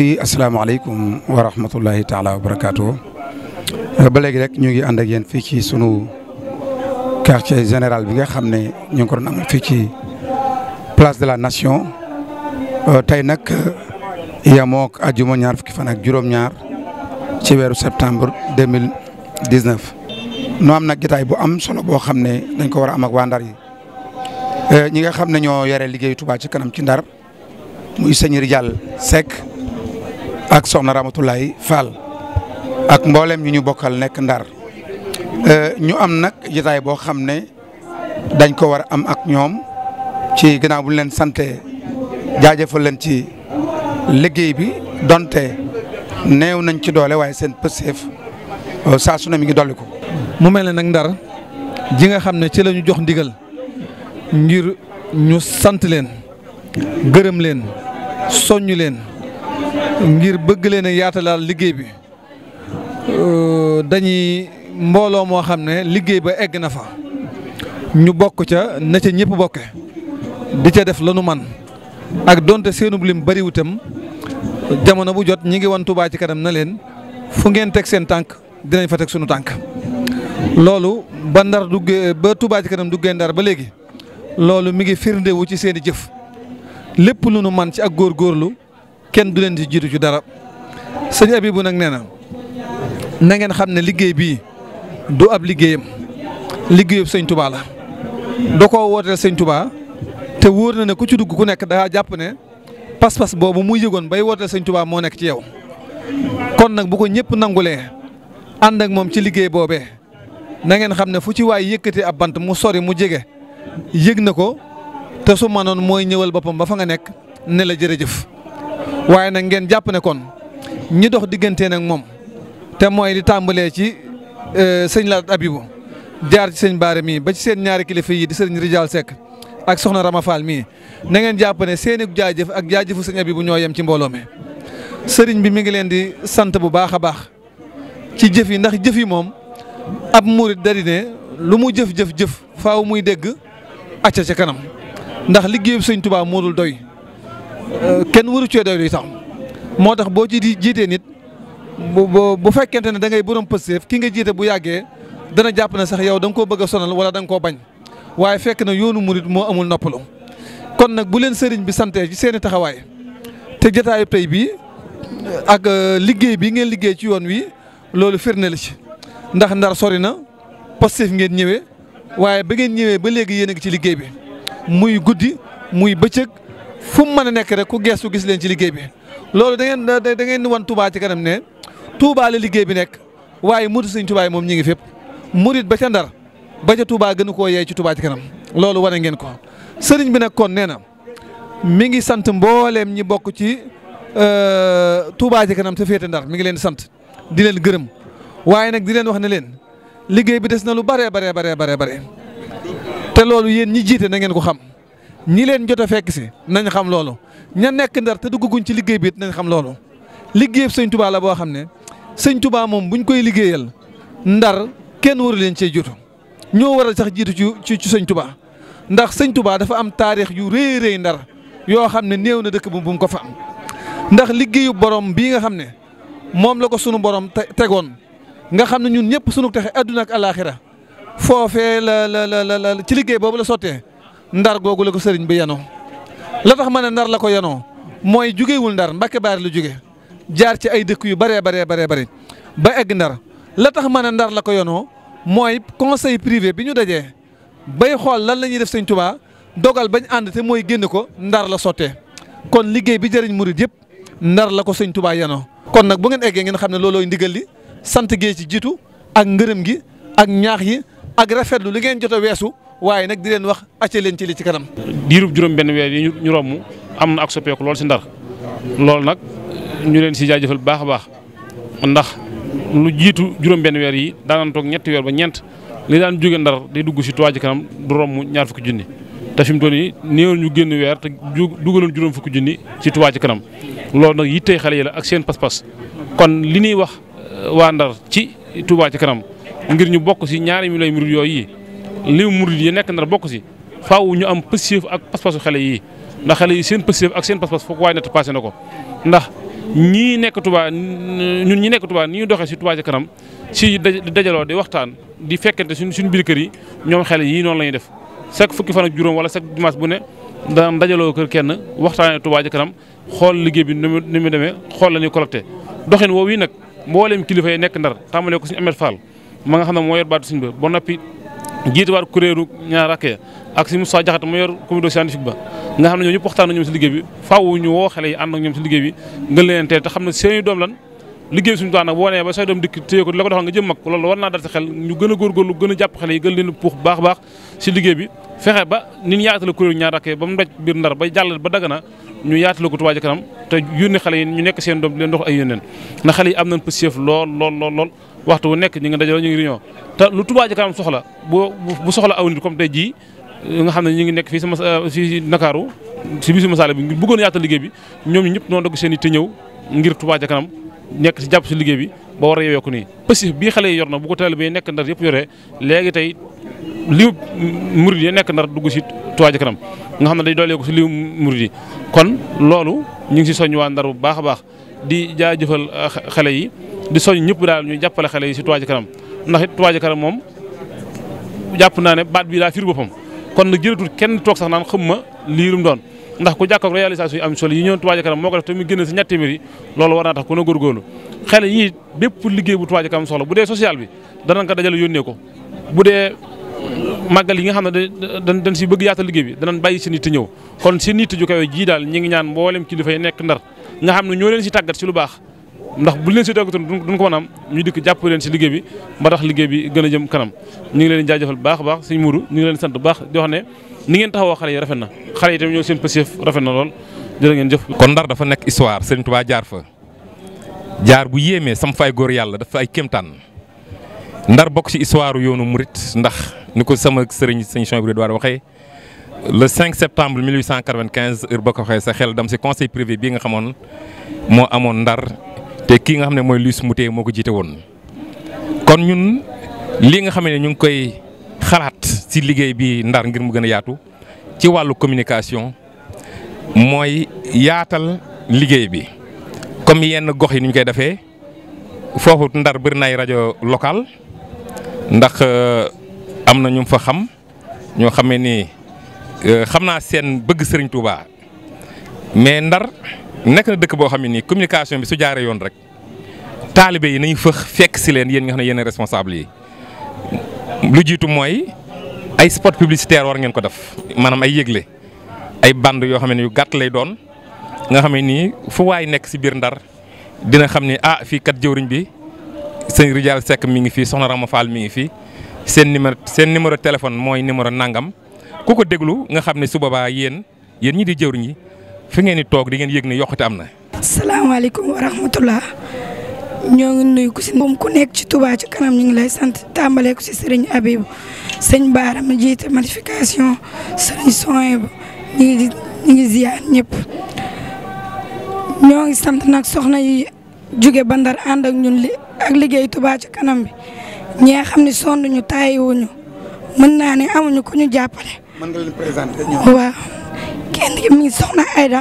yi asalaamaaleykum wa rahmatullahi taala wa barakaatu. ba léegi rek ñu ngi ànd ak yéen fii ci sunu quartier général bi nga xam ne ñu ngi ko doon amal fii ci place de la nation euh, tey nag euh, yamook ajuma ñaar fukki fan ak juróom-ñaar ci weeru septembre deux mille dix-neuf. noo am nag jotaay bu am solo boo xam ne dañ ko war a am ak waa Ndar yi euh, ñi nga xam ne ñoo yore liggéey Touba ci kanam ci Ndar muy sëñ Rijal Seck. ak soxna Ramatoulaye Fall ak mboolem ñu ñu bokkal nekk ndar euh, ñu am nag jotaay boo xam ne dañ ko war a am ak ñoom ci gannaaw bu leen sante jaajëfal leen ci liggéey bi donte néew nañ ci doole waaye seen pëseef euh, saa su mi ngi dolli ko. mu mel ne nag ndar ji nga xam ne ci lañu jox ndigal ngir ñu sant leen gërëm leen soññ leen. ngir bëgg leen a yaatalaal liggéey bi euh, dañuy mbooloo moo xam ne liggéey ba egg na fa ñu bokk ca na ca ñëpp bokke di ca def lanu man ak donte seenub lim bariwutam jamono bu jot ñi ngi wan Touba ci kanam na leen fu ngeen teg seen tànk dinañ fa teg sunu tànk loolu ba ndar duggee ba Touba ci kanam duggee ndar ba léegi loolu mi ngi firndewu ci seen i jëf lépp lu nu man ci ak góorlu kenn du leen di jiitu ji dara sëñ Abibu nag nee na na ngeen xam ne liggéey bii du ab liggéeyam liggéeyub sëñ Touba la. da koo wooteel sëñ Touba te wóor na ne ku ci dugg ku nekk daa jàpp ne pas-pas boobu muy yëgoon bay wooteel sëñ Touba moo nekk ci yow kon nag bu ko ñëpp nangulee ànd ak moom ci liggéey boobee na ngeen xam ne fu ci waay yëkkatee ab bant mu sori mu jege yëg na ko te su manoon mooy ñëwal boppam ba fa nga nekk ne la jërëjëf. waaye nag ngeen jàpp ne kon ñi dox diggante nag moom te mooy di tàmbalee ci euh, sëñ Laat Abibu jaar ci sëñ Baare mii ba ci seen ñaari kilifa yi di sëriñ Rijaal Seck ak soxna Rama Fall mii nangeen ngeen jàpp ne seen i jaajëf ak jaajëfu sëñ Abibu ñoo yem ci mbooloo mi. sëriñ bi mi ngi leen di sant bu baax a baax ci jëf yi ndax jëf yi moom ab murit dari lu mu jëf jëf jëf faaw muy dégg acca ca kanam ndax liggéeyub sëñ Tuubaa moo doy. kenn waru cee doylu sax moo tax boo ci jiitee nit bu bu fekkente ne da ngay borom pësteef ki nga jiite bu yàggee dana jàpp ne sax yow danga nga koo bëgg a sonal wala danga nga koo bañ waaye fekk na yoonu murit moo amul noppalu kon nag bu leen sëriñ bi santee ci seen i taxawaay te jotaayu tey bii ak euh, liggéey bi ngeen liggéey ci yoon wi loolu firnde la ci ndax ndar sori na pësteef ngeen ñëwee waaye ba ngeen ñëwee ba léegi yéen a ngi ci liggéey bi muy guddi muy fu mu mën a nekk rek ku geestu gis leen ci liggéey bi loolu dangeen ngeen da ngeen wan Touba ci kanam ne Touba liggéey bi nekk waaye murid Sëñ Touba yi moom ñi ngi fepp murid ba ca Ndar ba ca Touba gënu koo yee ci Touba ci kanam loolu wane ngeen ko sëriñ bi nag kon nee na mi ngi sant mbooleem ñi bokk ci euh, Touba ci kanam te féete Ndar mi ngi leen sant di leen gërëm waaye nag di leen wax na leen liggéey bi des na lu bare bare bare bare bare te loolu yéen ñi jiite na ngeen ko xam. ñi leen jot a fekk si nañ xam loolu ña nekk ndar te dugguñ ci liggéey bi it nañ xam loolu liggéey sëñ Touba la boo xam ne sëñ tubaa moom buñ koy liggéeyal ndar kenn waru leen cee jiitu ñoo waral sax jiitu ci ci sëñ Touba ndax sëñ tubaa dafa am taarix yu rëy rëy ndar yoo xam ne néew na dëkk bu mu ko fa am ndax liggéeyu borom bii nga xam ne moom la ko sunu borom tegoon nga xam ne ñun ñëpp sunu texe àdduna ak alaaxira foofee la la la la ci liggéey boobu la sottee. ndar googu la ko sëriñ bi yanoo la tax ma ne ndar la ko yanoo mooy jógewul ndar Mbàkke Baari la jóge jaar ci ay dëkk yu bëree baree baree bëri ba egg ndar la tax ma ne ndar la ko yanoo mooy conseil privé bi ñu dajee bay xool lan la ñuy def sëñ Tuubaa dogal bañ ànd te mooy génn ko ndar la sottee kon liggéey bi jëriñ murit yëpp ndar la ko sëñ Tuubaa yanoo kon nag bu ngeen eggee ngeen xam ne loolooy ndigal li sant gee ci jiitu ak ngërëm gi ak ñaax yi ak rafetlu li ngeen jot weesu waaye nag di leen wax acca leen ci li ci kanam. diirub juróom-benn weer yi ñu romb am na ak soppeeku lool si ndar loolu nag ñu leen si jaajëfal bu baax a baax ndax lu jiitu juróom-benn weer yi daanan toog ñetti weer ba ñeent li daan jóge ndar day dugg si Touba Ca Kanam du romb ñaar fukki junni te fi mu toll nii néew ñu génn weer te dugaloon juróom fukki junni si Touba Ca Kanam loolu nag yittey xale yi la ak seen pas-pas kon li ñuy wax euh, waa ndar ci Touba ci Kanam ngir ñu bokk si ñaari millions yooyu yi liw murid yi nekk ndar bokk si faaw ñu am pësif ak pas-pasu xale yi ndax xale yi seen pësif ak seen pas-pas foog waaye nett passé na ko ndax ñii nekk Touba ñun ñi nekk Touba ni ñu doxee si Touba ca kanam si dajaloo di waxtaan di fekkente suñ suñ biir kër yi ñoom xale yii noonu la ñuy def chaque fukki fan ak juróom wala chaque dimanche bu ne daan dajaloo kër kenn waxtaanee Touba ca kanam xool liggéey bi ni mu ni mu demee xool la ñuy collecté. doxin woowu yi nag mbooleem kilifa yi nekk ndar tàmbalee ko suñu Amet Fall ma nga jiite war kuréelu ñaar rakk ya ak si Moussa Diakhaté mu yor comité scientifique ba nga xam ne ñoo ñëpp waxtaan na ñoom si liggéey bi faaw ñu woo xale yi ànd ak ñoom si liggéey bi nga leen teel te xam ne seeni doom lan liggéey suñu taan nag boo ba say doom dikk téye ko la doxal nga jëm mag a góorgóorlu a jàpp ñaar rakk ba mu daj biir ndar ba jàll ba dagana ñu yaatale ko Touba Ca Kanam ñu nekk seen doom di leen dox ay na xale yi am nañ lool lool lool waxtu wu nekk ñu ngi dajaloo ñu ngi réunion te lu Touba Kanam soxla bu soxla aw nit comme jii eh, nga xam ne ñu ngi nekk fii sama fii eh, Ndakaaru si masaale bi bëggoon yaatal liggéey bi ñoom ñëpp noonu dogg seen i te ñëw ngir Touba Ca Kanam nekk si jàpp si liggéey bi ba war a yokku nii passif bii xale yi yor na bu ko teel bay nekk ndar yi nekk ndar dugg si Touba Ca Kanam nga xam ne day dooleeku si li murid yi kon loolu ñu ngi si soññ waa ndar bu baax a baax di jaajëfal eh, xale yi di soñ ñëpp daal ñuy jàppale xale yi si Touba Ca Kanam ndax it Touba Ca Kanam moom jàpp naa ne baat bi daa firi boppam kon nag jëlatul kenn toog sax naan xam ma lii lu doon ndax ku jàkkoog réalisation yi am solo yi ñoo Touba Ca Kanam moo ko def te si ñetti mbir yi loolu war naa tax ku ne góorgóorlu xale yii bépp liggéey bu Touba Ca soxla bu dee social bi danañ ko dajale yónnee ko bu dee màggal yi nga xam ne dan dañ si bëgg yaatal liggéey bi danañ bàyyi seen yitte ñëw kon seen yitte ju kawe jii daal ñi ngi ñaan mboolem kilifa yi nekk ndar nga xam ne ñoo si tàggat si lu baax ndax bu leen si dogatoon duñ ko mën a am ñu dikk jàpp leen si liggéey bi ba tax liggéey bi gën a jëm kanam ñu ngi leen jaajëfal baax a baax sëñ Mourou ñu ngi leen sant baax di wax ne ni ngeen taxawoo xale yi rafet na xale yi tamit ñoo seen pësif rafet na lool jërë ngeen jëf kon Ndar dafa nekk histoire Serigne Touba jaar fa jaar bu yéemee sama fa góor yàlla dafa ay kéemtaan Ndar bokk si histoire yoonu murit ndax ni ko sama sëriñ sëñ Chambry Edouard waxee le 5 septembre 1895 heure ba ko waxee sa xel dem si conseil privé bii nga moo amoon Ndar te kii nga xam ne mooy Louis Mouté moo ko jiite woon kon ñun lii nga xam ne ñu ngi koy xalaat si liggéey bi Ndar ngir mu gën a yaatu ci wàllu communication mooy yaatal liggéey bi comme yenn gox yi ni ñu koy defee foofu Ndar bëri na ay rajo local ndax euh, am na ñu fa xam ñoo xamee ni euh, xam naa seen bëgg sëriñ Touba mais Ndar. nekk na dëkk boo xam ne nii communication bi su jaaree yoon rek taalibe yi nañu fëx fekk si leen yéen nga xam ne yéen responsable yi lu jiitu mooy ay spot publicitaire war ngeen ko def maanaam ay yéegle ay band yoo xam ne yu gàtt lay doon nga xam ne nii fu waay nekk si biir ndar dina xam ne ah fii kat jëwriñ bi sëñ Ridial Seck mi ngi fi soxna Rama Fall mi ngi fii seen numéro seen numéro téléphone mooy numéro nangam ku ko déglu nga xam ne su boobaa yéen yéen ñi di jëwriñ yi fi ngeen di toog di ngeen yëg ne yokkute am na. asalaamaaleykum wa rahmatulah ñoo ngi nuyu ku si moom ku nekk ci Touba ci kanam ñu ngi lay sant tàmbalee ko si sëriñ Abibu sëñ Baara mi jiite modification sëriñ Soyebu ñu ngi ñu ngi ñëpp. ñoo ngi sant nag soxna yi jóge ba ànd ak ñun li ak liggéey Touba ci kanam bi ñi nga xam ni sonn ñu taayiwuñu mën naa ni amuñu ku ñu jàppale. mën nga kenn gi mi soxna Aida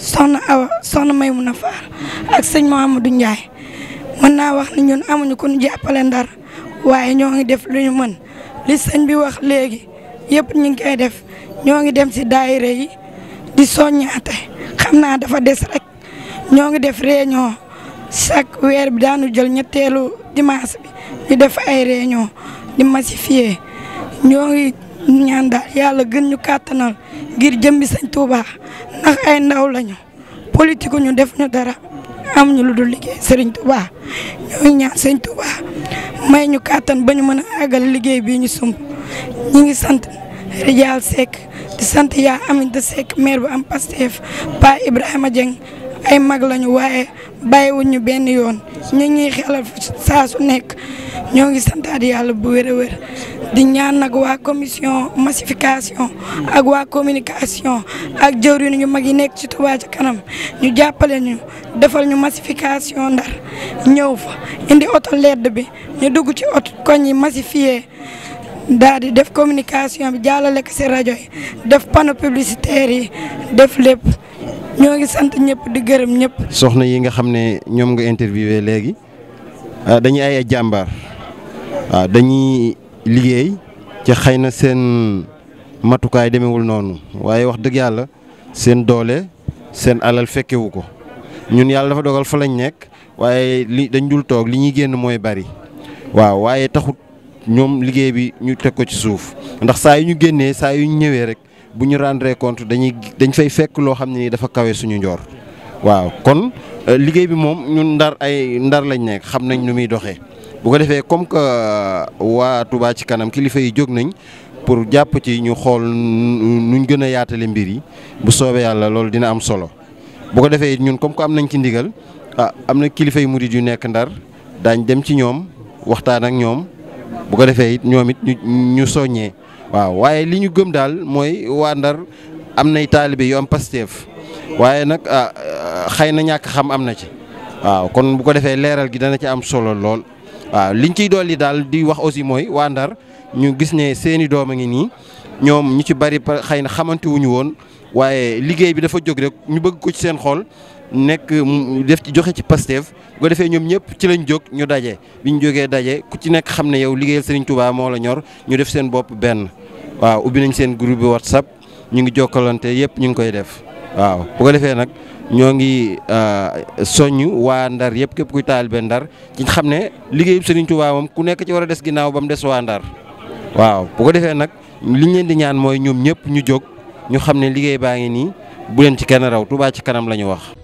soxna Awa soxna Maymuna Faal ak sëñ du Ndiaye mën naa wax ne ñun amuñu ku ñu jàppale ndar waaye ñoo ngi def lu ñu mën li sëñ bi wax léegi yëpp ñu ngi koy def ñoo ngi dem si daayira yi di soññaate xam naa dafa des rek ñoo ngi def réunion chaque weer bi daanu jël ñetteelu dimaas bi ñu def ay réunion di massifier ñoo ngi ñu ñaan daal yàlla gën ñu kàttanal ngir jëmbi Sëñ Tuubaa ndax ay ndaw lañu politique ñu def ñu dara am ñu lu dul liggéey Sëriñ Tuubaa ñooy ñaan Sëñ Tuubaa may ñu kàttan ba ñu mën a àggal liggéey bi ñu sumb ñi ngi sant Rijaal Seck di sant yaa Aminta Seck maire bu am Pastef Pa Ibrahima Dieng ay mag lañu waaye bàyyiwuñ ñu benn yoon ñu ñuy xelal saa su nekk ñoo ngi santaat yàlla bu wér a di ñaan nag waa commission massification ak waa communication ak jëwriñ ñu mag yi nekk ci Touba ca kanam ñu jàppale ñu defal ñu massification ndar ñëw fa indi oto ledd bi ñu dugg ci oto koñ yi massifié daal di def communication bi jàllale ko si rajo yi def panneau publicitaire yi def lépp ñoo ngi sant ñëpp di gërëm ñëpp. soxna yi nga xam ne ñoom nga interviewé léegi ah, dañuy ay jàmbaar waaw ah, dañuy. liggéey ci xëy na seen matukaay demewul noonu waaye wax dëgg yàlla seen doole seen alal fekkewu ko ñun yàlla dafa dogal fa lañ nekk waaye li dañ dul toog li ñuy génn mooy bari waaw waaye taxut ñoom liggéey bi ñu teg ko ci suuf ndax saa yu ñu génnee saa yu ñu ñëwee rek bu ñu rendre compte dañuy dañ fay fekk loo xam ne ni dafa kawe suñu njoor waaw kon liggéey bi moom ñun ndar ay ndar lañ nekk xam nañ nu muy doxee. bu ko defee comme que euh, waa Touba ci kanam kilifa yi jóg nañ pour jàpp ci ñu xool nuñ gën a yaatale mbir yi bu soobee yàlla loolu dina am solo bu ko defee ñun comme que am nañ ci ndigal ah am na kilifa yu murid yu nekk ndar daañ dem ci ñoom waxtaan ak ñoom bu ko defee it ñoom it ñu ñu soññee waaw waaye li ñu gëm daal mooy waa ndar am nay taalibe yu am Pastef waaye nag ah, xëy na ñàkk xam am na ci waaw kon bu ko defee leeral gi dana ci am solo lool. waaw liñ ciy dolli daal di wax aussi mooy waa Ndar ñu gis ne seeni doom a ngi nii ñoom ñu ci bari xëy na xamante woon waaye liggéey bi dafa jóg rek ñu bëgg ko ci seen xol nekk def ci joxe ci Pastef bu ko defee ñoom ñëpp ci lañ jóg ñu daje bi ñu jógee daje ku ci nekk xam ne yow liggéeyal Serigne Touba moo la ñor ñu def seen bopp benn waaw ubbi nañ seen groupe bi WhatsApp ñu ngi jokkalante yëpp ñu ngi koy def. waaw bu defee nag ñoo ngi euh, soññ waa ndar yëpp képp kuy taalibe ndar ci xam ne liggéey liggéeyub Serigne Touba moom ku nekk ci war des ginnaaw ba des waa ndar waaw bu ko defee nag liñ leen di ñaan mooy ñoom ñëpp ñu jóg ñu xam ne liggéey baa ngi nii bu leen ci kenn raw tubaa ci kanam la ñu wax.